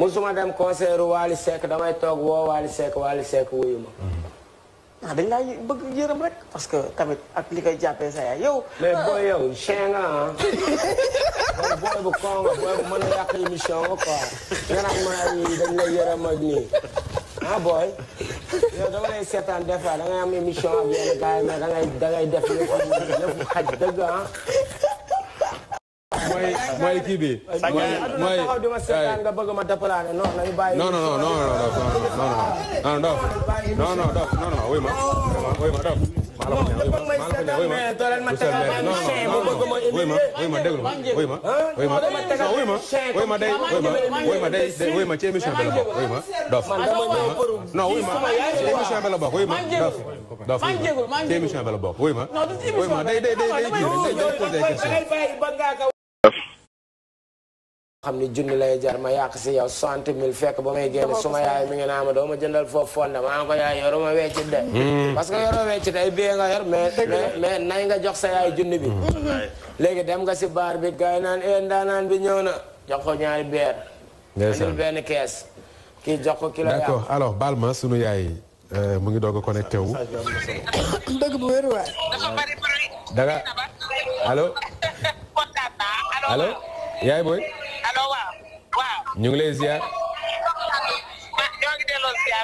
musuma dem concert Wally Seck damay toog woo Wally Seck Wally Seck wuyu ma. Mm-hmm. ah dañ bëgg yërëm rek parce que tamit ak li koy jàppee sa yow. mais euh, booy yow chien ah. booy bu koo nga bu mën a yàq émission nga quoi. nga naan ma dañ lay yërëm ak ah booy. yow dama lay seetaan des fois da ngay am émission ak yenn gars yi mais da ngay da ngay def yëpp yëpp xaj dëgg ah. mooy mooy kii bi. mooy nga bëgg ma dapalaane non nañu bàyyi. non non non non non non non non non non non non maa la ko ñaan ma ma ma ma déglu ma ma ma day ma day ma ci émission bi la bokk ma dof non wuy ma ci émission bi la bokk ma dof dof ci émission bi la bokk ma ma day day day day day xam ni junni lay jar ma yàq si yow cent mille fekk ba may génn suma yaay mi ngi naa ma doo ma jëndal foofu fonde ma hmm. nga ko nga jox sa yaay junni bi léegi dem nga si baar bi gars yi naan een eh, daanaan bi ñëw na jox ko ñaari beer andil benn kees baal ma sunu yaay euh, mu ngi doog a connecté wu dëgg bu wér waay dafa bari allo yaay booy. ñu ngi lay ziar. ñoo ngi delloo ziar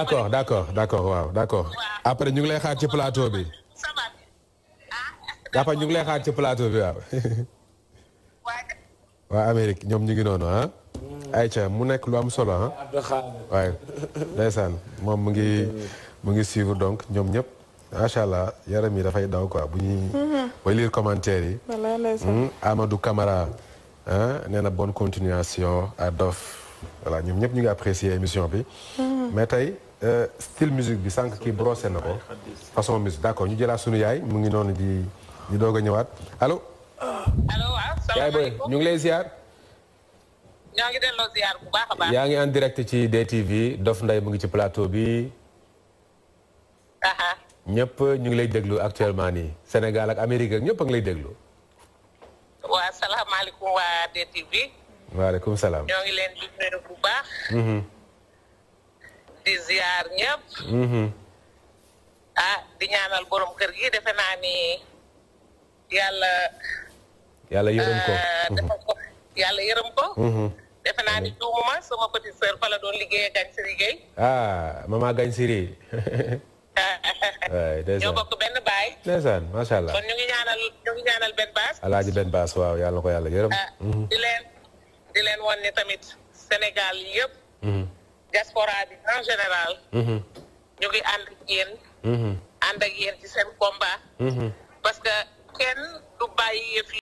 accord d' accord d' accord waaw d' accord. après ñu ngi lay xaar ci plateau bi. Ah. après ñu ngi lay xaar ci plateau bi waaw. waa Amérique ñoom ñu ngi noonu ah. ayca mu nekk lu am solo ah. waaye ndeysaan moom mu ngi mu ngi suivre donc ñoom ñëpp. macha allah yaram yi dafay daw quoi bu ñuy. Mhm. mooy lire commentaire yi. Hmm? Amadou kamara nee na bonne continuation à Dof voilà ñoom ñëpp ñu ngi apprécier émission bi. Mhm. mais tey euh, style musique bi sànq kii brossé na ko façon musique d'accord ñu jëlaat sunu yaay mu ngi noonu di di doog ñëwaat alo ñu ngi lay ziar. yaa ngi en direct ci DTV Dof Ndeye mu ngi ci plateau bi. ñëpp ñu ngi lay déglu actuellement nii Sénégal ak Amérique ak ñëpp a ngi lay déglu. waa salaamaaleykum waa DTV. waaleykum salaam. ñoo ngi leen di baax. Mm-hmm. di ziar ñëpp. Mm-hmm. ah di ñaanal borom kër gi defe naa ni yàlla. yàlla yërëm ko. Ah, mm-hmm. defe naa ni juumuma sama petite sœur fa doon liggéeyee gañ si liggéey. ah maman gañ si waay ndeysaan ñoo bokk benn baay. ndeysaan macha allah ñu ngi ñaanal benn baas. alaaji benn baas waaw yàlla ko yàlla yërëm. Ah, mhm. di leen di leen wan ne tamit Sénégal yëpp. Mhm. diaspora bi en général. Mhm. ñu ngi ànd ak ànd ak yéen ci seen combat. parce que kenn du bàyyi yëf yi